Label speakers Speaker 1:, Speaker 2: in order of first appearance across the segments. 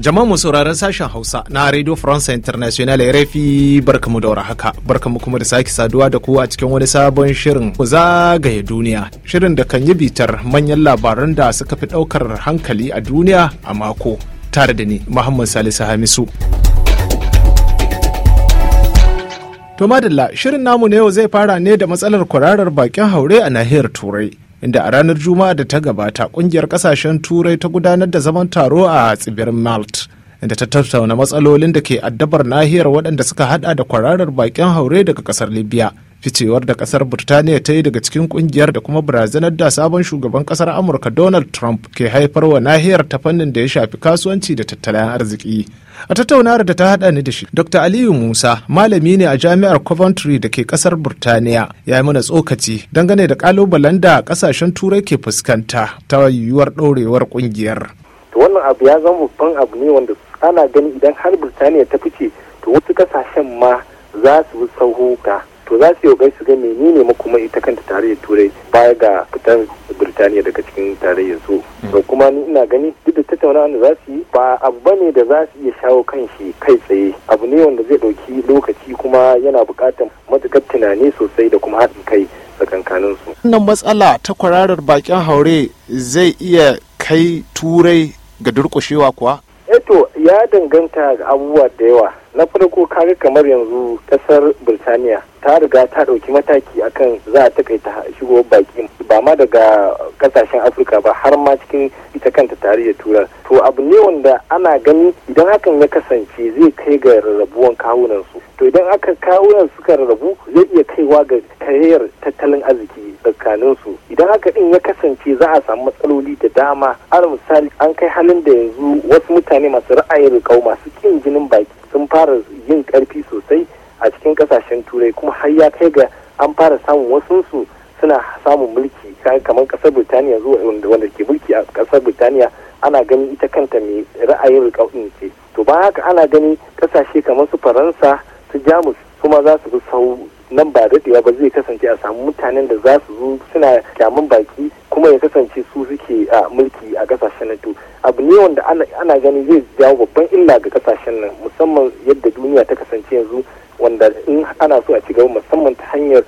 Speaker 1: Jama'a mu sauraron sashen Hausa na Radio France International RFI barkamu da warhaka. Barkamu kuma da sake saduwa da ku a cikin wani sabon shirin ku zagaye duniya. Shirin da kan yi bitar manyan labaran da suka fi daukar hankali a duniya a mako. Tare da ni Muhammad Salisu Hamisu. To madalla shirin namu na yau zai fara ne da matsalar kwararar bakin haure a nahiyar Turai. inda a ranar juma'a da ta gabata kungiyar kasashen turai ta gudanar da zaman taro a tsibirin malt inda ta tattauna matsalolin da ke addabar nahiyar waɗanda suka hada da kwararar baƙin haure daga ƙasar libya ficewar da kasar burtaniya ta yi daga cikin kungiyar da kuma barazanar da sabon shugaban kasar amurka donald trump ke haifarwa nahiyar ta fannin da ya shafi kasuwanci da tattalin arziki a tattaunawar da ta hada ni da shi dr aliyu musa malami ne a jami'ar coventry da ke kasar burtaniya ya yi mana tsokaci dangane da kalubalen da kasashen turai ke fuskanta ta yiwuwar ɗorewar kungiyar
Speaker 2: wannan abu ya zama babban abu ne wanda ana gani idan har burtaniya ta fice to wasu kasashen ma za su bi sauhuka to za su yi su ga menene ma kuma ita kanta tarayyar turai baya ga fitan birtaniya daga cikin tarayyar su to kuma ni ina gani duk da tattaunawa da za su yi ba abu bane da za su iya shawo kan shi kai tsaye abu ne wanda zai ɗauki lokaci kuma yana buƙatar matukar tunani sosai da kuma haɗin kai tsakankanin su
Speaker 1: wannan matsala ta kwararar bakin haure zai iya kai turai ga durƙushewa kuwa
Speaker 2: eh to ya danganta ga abubuwa da yawa na farko kaga kamar yanzu kasar birtaniya ta riga ta ɗauki mataki akan za a takaita shigo baki ba ma daga kasashen afirka ba har ma cikin ita kanta tarihin turar to abu ne wanda ana gani idan hakan ya kasance zai kai ga rarrabuwan kawunan su to idan aka kawunan suka rabu zai iya kaiwa ga karayar tattalin arziki tsakanin su idan haka din ya kasance za a samu matsaloli da dama alal misali an kai halin da yanzu wasu mutane masu ra'ayin rikau masu kin jinin baki sun fara yin karfi sosai a cikin kasashen turai kuma har ya kai ga an fara samun wasu su suna samun mulki kamar kasar birtaniya wanda ke mulki a kasar birtaniya ana ganin ita kanta mai ra'ayin rikau ce to ba haka ana gani kasashe kamar su faransa su jamus kuma za su fi sau nan ba daɗewa ba zai kasance a samu mutanen da za su zo suna kyamun baki kuma ya kasance su suke a mulki a kasashen nan to abu ne wanda ana gani zai jawo babban illa ga kasashen nan musamman yadda duniya ta kasance yanzu wanda in ana so a ci gaba musamman ta hanyar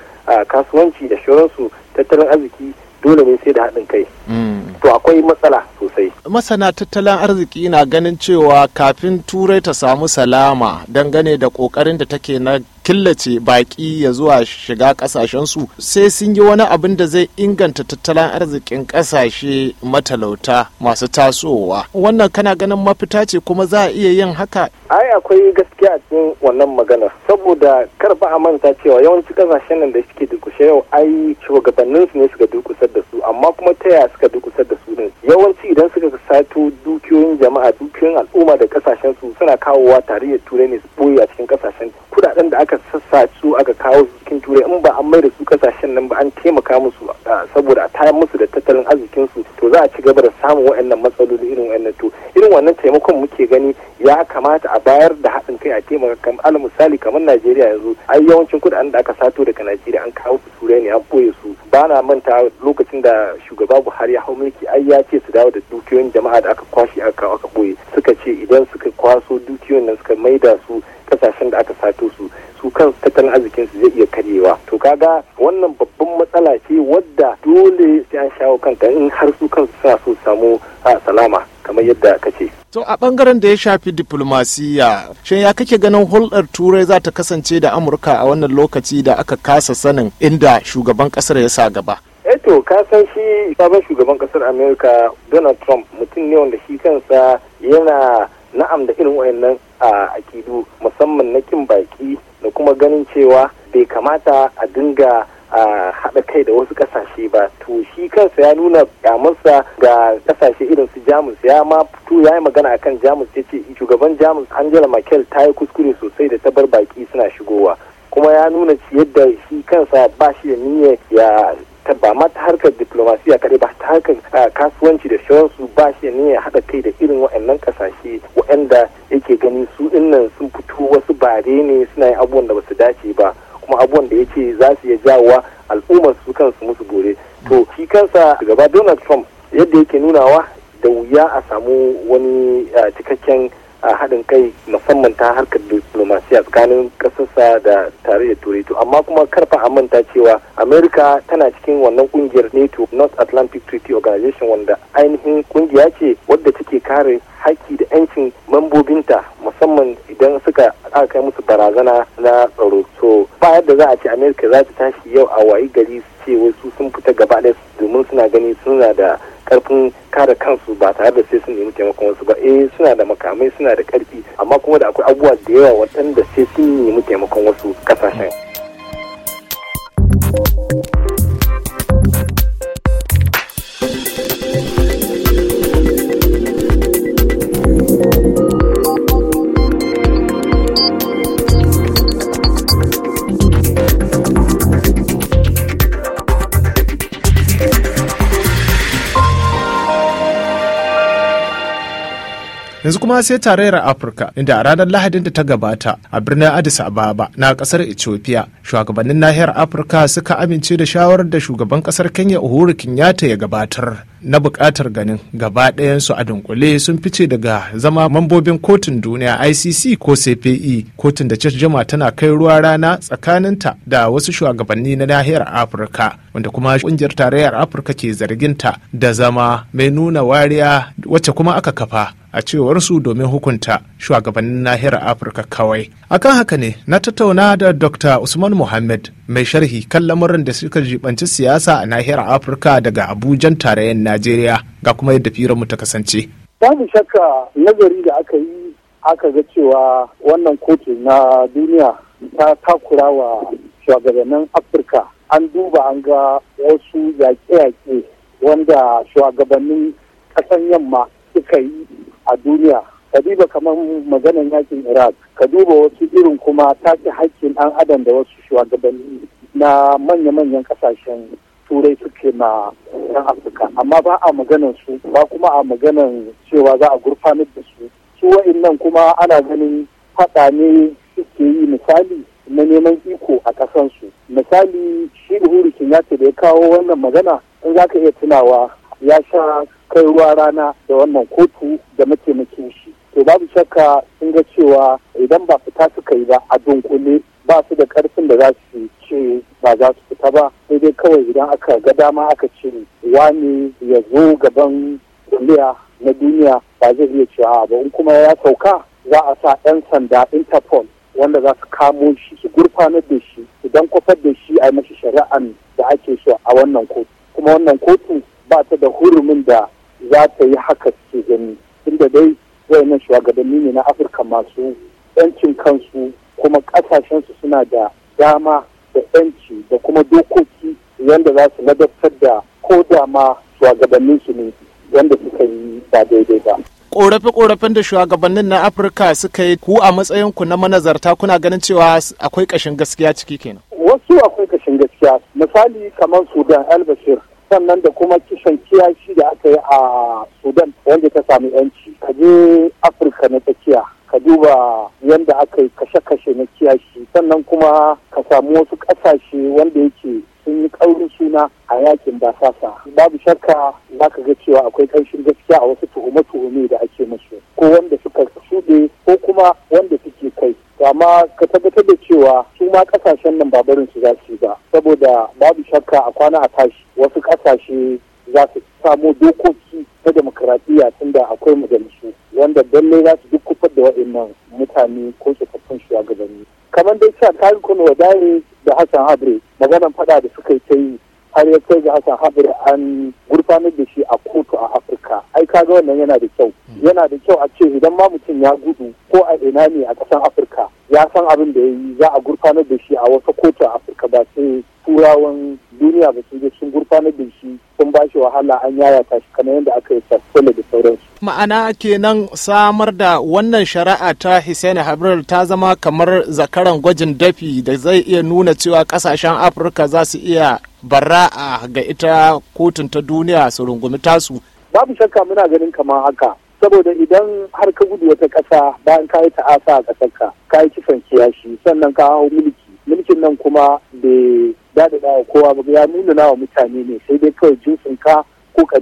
Speaker 2: kasuwanci da shoransu tattalin arziki dole ne sai da haɗin kai mm. to akwai matsala sosai
Speaker 1: masana tattalin arziki na ganin cewa kafin turai ta samu salama dangane da kokarin da take na killace baki ya zuwa shiga kasashensu sai sun yi wani abin da zai inganta tattalin arzikin kasashe matalauta masu tasowa wannan kana ganin mafita ce kuma za a iya yin haka
Speaker 2: ai akwai gaskiya cikin wannan magana saboda kar ba a manta cewa yawanci kasashen nan da suke dukushe yau ai shugabanninsu ne suka dukusar da su amma kuma ta yaya suka dukusar da su yawanci idan suka sato dukiyoyin jama'a dukiyoyin al'umma da kasashen su suna kawowa tarayyar turai ne su boye a cikin kasashen kudaden da aka sassa su aka kawo su cikin turai in ba an mai da su kasashen nan ba an taimaka musu saboda a tayar musu da tattalin arzikin su to za a ci gaba da samun waɗannan matsaloli irin waɗannan to irin wannan taimakon muke gani ya kamata a bayar da haɗin kai a taimaka kam ala misali kamar Najeriya yanzu ai yawancin kuɗaɗen da aka sato daga Najeriya an kawo su turai ne an boye su ba na manta lokacin da shugaba Buhari ya hau mulki ai ya ce su dawo da dukiyoyin jama'a da aka kwashe aka kawo aka boye suka ce idan suka kwaso dukiyoyin nan suka maida su kasashen da aka sato su su kan tattalin arzikin su zai iya karyewa to kaga wannan babban matsala ce wadda dole sai an shawo kanta in har su kansu suna so su samu salama kamar yadda ka ce
Speaker 1: To a ɓangaren da ya shafi diplomasiya, shin ya kake ganin hulɗar turai za ta kasance da Amurka a wannan lokaci da aka kasa sanin inda shugaban ƙasar ya sa gaba?
Speaker 2: eto eh ka san shi sabon shugaban ƙasar Amerika Donald Trump mutum ne wanda shi kansa yana na'am da irin wayannan a akidu musamman na kin baki da kuma ganin cewa bai kamata a dinga a haɗa kai da wasu kasashe ba to shi kansa ya nuna kyamarsa ga ƙasashe irin su jamus ya ma fito ya yi magana akan jamus ya ce shugaban jamus angela merkel ta yi kuskure sosai da ta bar baki suna shigowa kuma ya nuna yadda shi kansa ba shi da niyya ya ba ma ta harkar diplomasiya kaɗai ba ta harkar kasuwanci da shawarsu ba shi ne ya haɗa kai da irin waɗannan ƙasashe waɗanda yake gani su innan sun fito wasu bare ne suna yin abubuwan da ba su dace ba kuma abubuwan da yake za su iya wa al'ummar su kansu musu gore to shi kansa gaba donald trump yadda yake nunawa da wuya a samu wani eh, cikakken a haɗin kai musamman ta harkar diplomasiya tsakanin ƙasarsa da tarayyar turai to amma kuma karfa a manta cewa america tana cikin wannan ƙungiyar nato north atlantic treaty organization wanda ainihin ƙungiya ce wadda take kare haƙƙi da 'yancin mambobinta musamman idan suka aka kai musu barazana na tsaro so ba yadda za a ce america za ta tashi yau a wayi gari ce wasu sun fita gaba ɗaya domin suna gani suna da karfin kare kansu ba tare da sai sun nemi taimakon wasu ba eh suna da makamai suna da karfi amma kuma da akwai abubuwa da yawa waɗanda sai sun nemi taimakon wasu kasashen.
Speaker 1: kuma sai tarayyar afirka inda a ranar lahadin da ta gabata a birnin addis ababa na kasar ethiopia shugabannin nahiyar afirka suka amince da shawarar da shugaban kasar kenya uhuru kenyatta ya gabatar na bukatar ganin gaba su a dunkule sun fice daga zama mambobin kotun duniya icc ko cpe kotun da jama tana kai ruwa rana tsakaninta da wasu shugabanni na nahiyar afirka wanda kuma kungiyar tarayyar afirka ke zarginta da zama mai nuna wariya wacce kuma aka kafa a cewarsu domin hukunta shugabannin nahiyar afirka kawai akan haka ne na tattauna da dr usman muhammad mai sharhi kan lamuran da suka jibanci siyasa a nahiyar afirka daga abujan tarayyar najeriya ga kuma yadda mu ta kasance
Speaker 2: babu shakka nazari da aka yi aka ga cewa wannan kotu na duniya ta takura wa shugabannin afirka an duba an ga wasu yaƙe-yaƙe wanda shugabannin ƙasan yamma suka yi a duniya ka duba kamar maganan yakin iraq ka duba wasu irin kuma take haƙƙin ɗan adam da wasu shugabanni na manya-manyan ƙasashen turai suke na ɗan afirka amma ba a maganan su ba kuma a maganan cewa za a gurfanar da su su wa'innan kuma ana ganin faɗa ne suke yi misali na neman iko a su misali shi da hurikin ya ce da ya kawo wannan magana in za ka iya tunawa ya sha kai ruwa rana da wannan kotu da mataimakin shi to babu shakka sun ga cewa idan ba fita suka yi ba a dunkule ba su da karfin da za su ce ba za su fita ba sai dai kawai idan aka ga dama aka ce wani ya zo gaban duniya na duniya ba zai iya cewa ba in kuma ya sauka za a sa 'yan sanda interpol wanda za su kamo shi su gurfanar da shi idan kwafar da shi a mashi shari'an da ake so a wannan kotu kuma wannan kotu ba ta da hurumin da za ta yi haka su gani inda dai wayannan shugabanni ne na afirka masu yancin kansu kuma kasashensu suna da dama da yanci da kuma dokoki yadda za su ladabtar da ko dama shugabanninsu ne yadda suka yi ba daidai ba
Speaker 1: korafe-korafen da shugabannin na afirka suka yi ku a matsayinku na manazarta kuna ganin cewa akwai kashin gaskiya ciki kenan
Speaker 2: wasu akwai kashin gaskiya misali kamar sudan albashir sannan da kuma kisan kiyashi da aka yi a sudan wanda ta sami yanci ka je afirka na tsakiya ka duba yadda aka yi kashe-kashe na kiyashi sannan kuma ka samu wasu ƙasashe wanda yake sun yi ƙaurin suna a yakin basasa babu shakka za ka ga cewa akwai ƙarshen gaskiya a wasu tuhume-tuhume da ake musu ko wanda suka shuɗe ko kuma wanda suke kai amma ka tabbatar da cewa su ma ƙasashen nan babarin su za su yi ba saboda babu shakka a kwana a tashi kasashe za su samo dokoki na demokaradiyya tunda akwai majalisu wanda dalle za su duk kufar da waɗannan mutane ko tsofaffin shugabanni kamar dai cewa kayan kuna wadare da hassan habre maganan faɗa da suka yi ta yi har ya kai ga hassan habre an gurfanar da shi a kotu a afirka ai ga wannan yana da kyau yana da kyau a ce idan ma mutum ya gudu ko a ina ne a kasan afirka ya san abin da ya yi za a gurfanar da shi a wasu kotu a afirka ba sai turawan duniya ba sun sun gurfanar da shi sun ba shi wahala an yayata shi kamar yadda aka yi sarkola da
Speaker 1: sauransu. Ma'ana kenan samar da wannan shari'a ta Hussein Habril ta zama kamar zakaran gwajin dafi da zai iya nuna cewa kasashen Afirka za su iya a ga ita kotun ta duniya su rungumi tasu.
Speaker 2: Babu shakka muna ganin kamar haka. saboda idan har ka gudu wata ƙasa bayan ka yi ta'asa a ƙasarka ka yi kisan kiyashi sannan ka hau mulki mulkin nan kuma bai daɗaɗa wa kowa ba ya nuna nawa mutane ne sai dai kawai jinsin ka ko ka.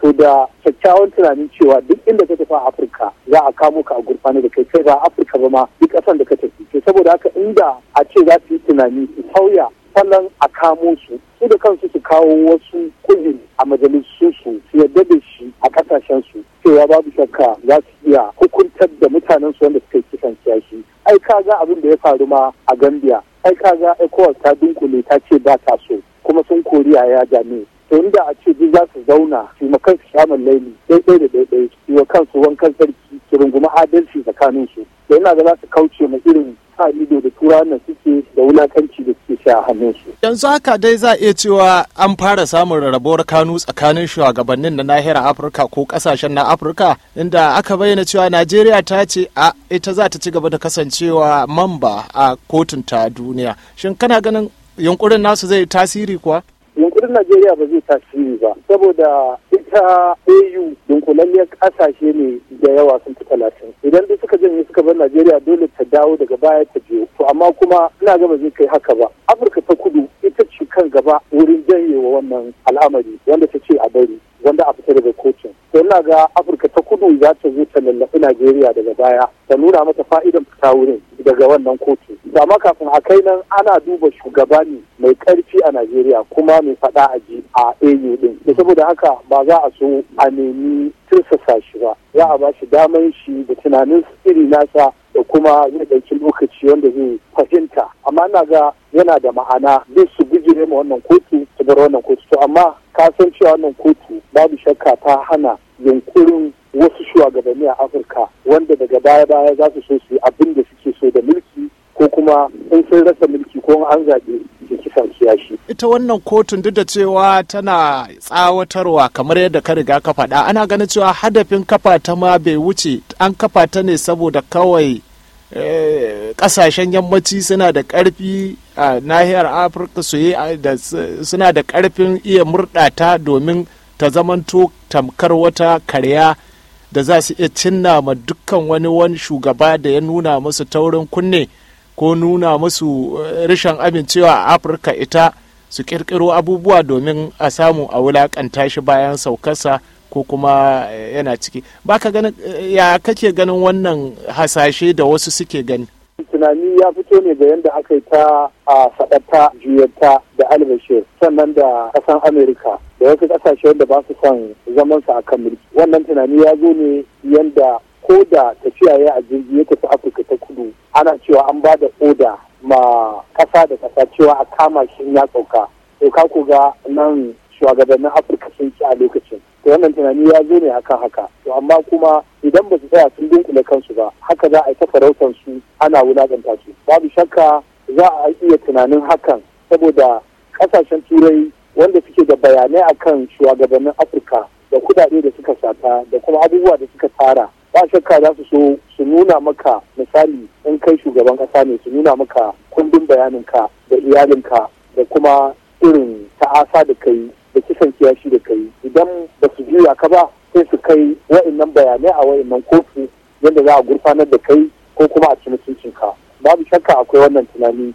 Speaker 2: to da kyakkyawan tunanin cewa duk inda ka tafi a afirka za a kamo ka a gurfani da kai kai ba afirka ba ma duk ƙasan da ka tafi to saboda haka inda a ce za su yi tunani su sauya salon a kamo su su da kansu su kawo wasu kujin a majalisun su su yadda da shi a kasashen su cewa babu shakka za su iya hukuntar da mutanen su wanda suka yi kisan kiyashi ai ka ga abin da ya faru ma a gambia ai kaga ECOWAS ta dunkule ta ce ba ta so kuma sun kori ya jami'a to inda a ce duk za su zauna su ma kansu shaman laili ɗaiɗai da ɗaiɗai su wa kansu wankan sarki su runguma adalci tsakanin su da ina ga za su kauce ma irin sa ido da turawan suke da wulakanci da hannunsu.
Speaker 1: Yanzu haka dai za iya cewa an fara samun rarrabuwar kanu tsakanin shugabannin na nahiyar Afirka ko kasashen na Afirka inda aka bayyana cewa Najeriya ta ce a ita za ta ci gaba da kasancewa mamba a kotun ta duniya. Shin kana ganin yunkurin nasu zai tasiri kuwa?
Speaker 2: Najeriya ba zai tasiri ba saboda ita AU dunkulalliyar kasashe ne da yawa sun fi talatin idan duk suka janye suka bar Najeriya dole ta dawo daga baya ta biyo to amma kuma ina ga ba zai kai haka ba Afirka ta kudu ita ce kan gaba wurin janyewa wannan al'amari wanda ta ce a bari wanda a fita daga kotun to ina ga afirka ta kudu za ta zo ta lallafi najeriya daga baya ta nuna mata fa'idan fita wurin daga wannan kotu ma kafin a kai nan ana duba shugaba ne mai karfi a najeriya kuma mai faɗa a ji a au din saboda haka ba za a so a nemi tursasa shi ba za a ba shi daman shi da tunanin iri nasa da kuma zai ɗauki lokaci wanda zai fahimta amma na ga yana da ma'ana zai su bijire ma wannan kotu su bar wannan kotu to amma ka san cewa wannan kotu babu shakka ta hana yunkurin wasu shugabanni a afirka wanda daga baya baya za su so su yi abin da suke so da mulki ko kuma in sun rasa mulki ko an zaɓe kisan siyashi.
Speaker 1: Ita wannan kotun duk da cewa tana tsawatarwa kamar yadda ka riga ka faɗa ana ganin cewa hadafin kafa ta ma bai wuce an kafa ta ne saboda kawai eh, ƙasashen yammaci suna da ƙarfi a nahiyar afirka suna da ƙarfin iya murɗata domin ta zamanto tamkar wata karya da za su iya cinna ma dukkan wani wani shugaba da ya nuna musu taurin kunne ko nuna musu eh, rashin amincewa a afirka ita su kirkiro abubuwa domin a samu a wulakanta shi bayan saukarsa ko kuma eh, yana ciki ba ka ganin eh, ya kake ganin wannan hasashe da wasu suke gani
Speaker 2: tunani ya fito ne ga yadda aka yi ta a faɗata juyarta da albashir sannan da ƙasan amerika da wasu ƙasashe wanda ba su son zamansa a kan mulki wannan tunani ya zo ne yadda ko da tafiya ya a jirgi ya tafi afirka ta kudu ana cewa an ba da oda ma kasa da kasa cewa a kama shi ya sauka to ka ga nan shugabannin afirka sun ci a lokacin to wannan tunani ya zo ne akan haka to amma kuma idan ba su tsaya sun dunkule kansu ba haka za a yi ta farautar su ana wulaƙanta su babu shakka za a iya tunanin hakan saboda kasashen turai wanda suke da bayanai akan shugabannin afirka da kudade da suka sata da kuma abubuwa da suka tara ba shakka za su so su nuna maka misali in kai shugaban kasa ne su nuna maka kundin ka da iyalinka da kuma irin ta'asa da kai da kisan kiyashi da kai idan ba su juya ka ba sai su kai wa'annan bayanai a wa'annan kofi yadda za a gurfanar da kai ko kuma a ci mutuncinka babu shakka akwai wannan tunani.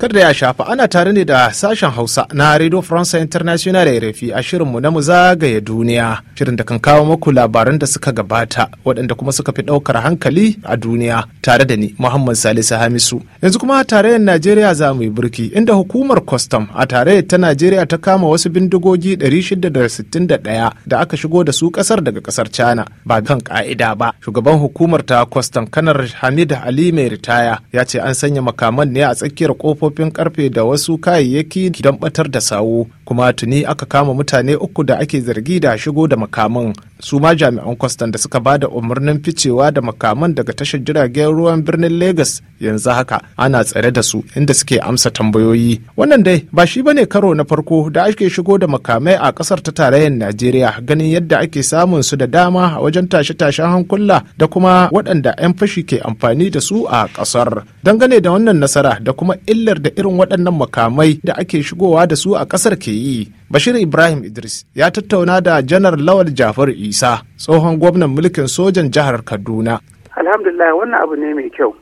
Speaker 1: kada ya shafa ana tare ne da sashen hausa na radio france international da rfi a shirinmu na mu zagaye duniya shirin da kan kawo muku labaran da suka gabata waɗanda kuma suka fi ɗaukar hankali a duniya tare da ni muhammad salisu hamisu yanzu kuma a tarayyar najeriya za mu yi burki. inda hukumar kwastam a tare ta najeriya ta kama wasu bindigogi 661 da aka shigo da su ƙasar daga ƙasar china ba kan ƙa'ida ba shugaban hukumar ta kwastam kanar hamid ali mai ritaya ya ce an sanya makaman ne a tsakiyar kofofin kofofin karfe da wasu kayayyaki don batar da sawu kuma tuni aka kama mutane uku da ake zargi da shigo da makamin. su ma jami'an kwastan da suka ba da umarnin ficewa da makaman daga tashar jiragen ruwan birnin Legas yanzu haka ana tsare da su inda suke amsa tambayoyi. Wannan dai ba shi bane karo na farko da ake shigo da makamai a kasar ta tarayyar Najeriya ganin yadda ake samun su da dama a wajen tashe-tashen hankula da kuma waɗanda 'yan fashi ke amfani da su a kasar. Dangane da wannan nasara da kuma illar da irin waɗannan makamai da ake shigowa da su a kasar ke yi. Bashir Ibrahim Idris ya tattauna da janar Lawal Jafar Isa tsohon gwamnan mulkin sojan jihar Kaduna.
Speaker 3: Alhamdulillah wannan abu ne mai kyau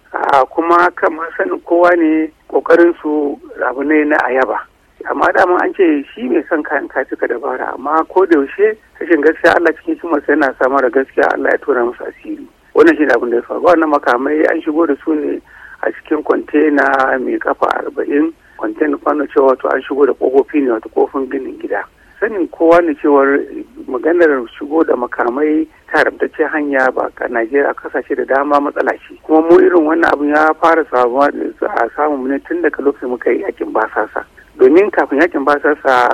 Speaker 3: kuma kan sanin kowa ne kokarin su abu ne na ayaba. amma dama an ce shi mai son kayan ka dabara amma ko da yaushe rashin gaskiya Allah cikin masu yana samar da gaskiya Allah ya tura musu asiri wannan shi abin da ya faru wannan makamai an shigo da su ne a cikin kwantena mai kafa arba'in kwanten kwano cewa wato an shigo da kofofi ne wata kofin ginin gida sanin kowa ne cewar maganar shigo da makamai ta rabtacce hanya ba ka najeriya kasashe da dama matsala ce kuma mu irin wannan abin ya fara samuwa a samun ne tun daga lokacin muka yi yakin basasa domin kafin yakin basasa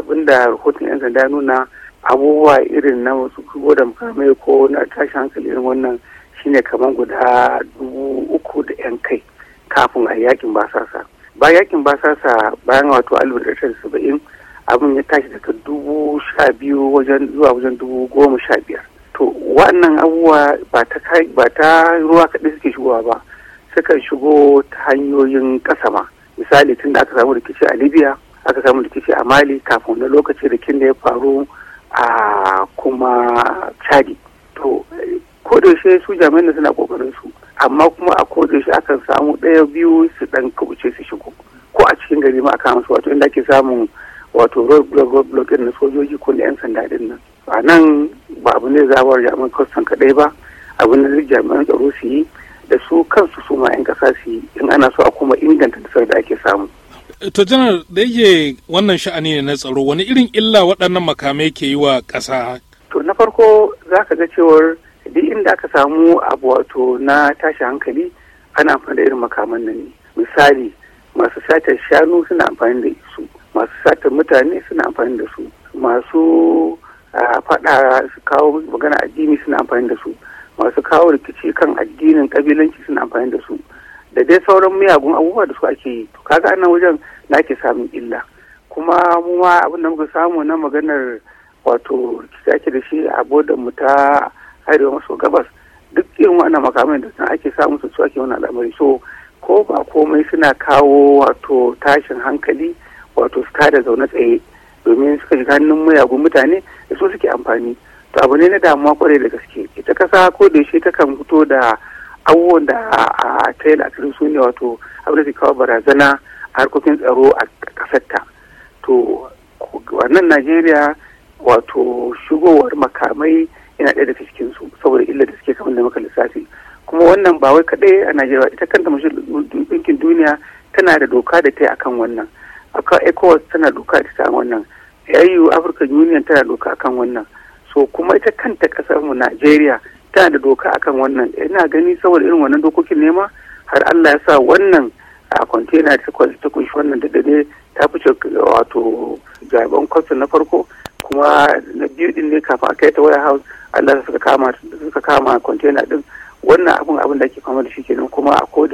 Speaker 3: abin da rahoton yan sanda nuna abubuwa irin na masu shigo da makamai ko na tashi hankali irin wannan shine kamar guda dubu uku da yan kai kafin a yakin basasa ba yakin ba sasa bayan wato alif da saba'in abin ya tashi daga dubu sha biyu wajen zuwa wajen dubu goma sha biyar to wannan abubuwa ba ta ruwa kaɗai suke shigowa ba suka shigo ta hanyoyin ƙasa ma misali tun da aka samu rikici a libya aka samu rikici a mali kafin na lokaci rikin da ya faru a kuma chadi to ko da su jami'an suna kokarin su amma kuma a koda shi akan samu ɗaya biyu su ɗan kabuce su shigo ko a cikin gari ma aka su wato inda ake samun wato road block road block na sojoji ko na 'yan sanda din nan a nan ba abu ne zabar jami'an kwastan kaɗai ba abu ne jami'an tsaro su yi da su kansu su ma 'yan ƙasa su yi in ana so a kuma inganta nasarar da ake samu
Speaker 1: to janar da yake wannan sha'ani ne na tsaro wani irin illa waɗannan makamai ke yi wa ƙasa
Speaker 3: to na farko za ka ga cewar duk inda aka samu abu wato na tashi hankali ana amfani da irin makaman nan ne misali masu satar shanu suna amfani da su masu satar mutane suna amfani da su masu faɗa su kawo magana addini suna amfani da su masu kawo rikici kan addinin kabilanci suna amfani da su da dai sauran miyagun abubuwa da su ake yi to kaga nan wajen na ke samun illa kuma mu ma abin da muka samu na maganar wato rikici ake da shi a bodan mu ta arewa maso gabas duk irin wa'ana makamai da san ake samu su su ake wani al'amari so ko ba komai suna kawo wato tashin hankali wato su da zaune tsaye domin suka shiga hannun mayagun mutane da su suke amfani to abu ne na damuwa kwarai da gaske ita kasa ko da yaushe ta kan fito da abubuwan da a tail a su ne wato abu da kawo barazana a harkokin tsaro a ta to wannan najeriya wato shigowar makamai yana ɗaya daga cikin su saboda illa da suke kamar da maka lissafi kuma wannan ba wai kaɗai a najeriya ita kanta mashi ɗinkin duniya tana da doka da ta yi akan wannan aka ecowas tana doka da ta wannan au afirka union tana doka akan wannan so kuma ita kanta ƙasar mu najeriya tana da doka akan wannan ina gani saboda irin wannan dokokin nema har allah ya sa wannan a kwantena ta kunshi wannan da ta fice wato jami'an kwastin na farko kuma na biyu din ne kafin a kai ta warehouse Allah suka kama suka kama container din wannan abun abin da ake fama da shi kenan kuma a ko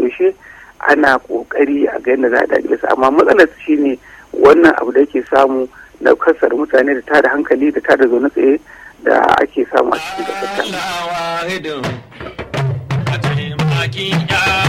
Speaker 3: ana kokari a ga yadda za a dace su amma matsalar shi ne wannan abu da ke samu na kasar mutane da tada hankali da tada zaune tsaye da ake samu a cikin kasar ta.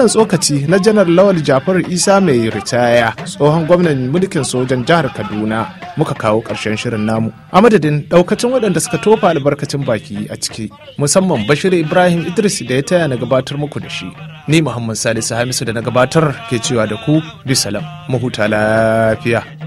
Speaker 1: wannan tsokaci na janar lawal jafar isa mai ritaya tsohon gwamnan mulkin sojan jihar kaduna muka kawo ƙarshen shirin namu a madadin ɗaukacin waɗanda suka tofa albarkacin baki a ciki musamman bashir ibrahim idris da ya taya na gabatar muku da shi ni muhammad salisu hamisu da na gabatar ke cewa da ku bisalam mu huta lafiya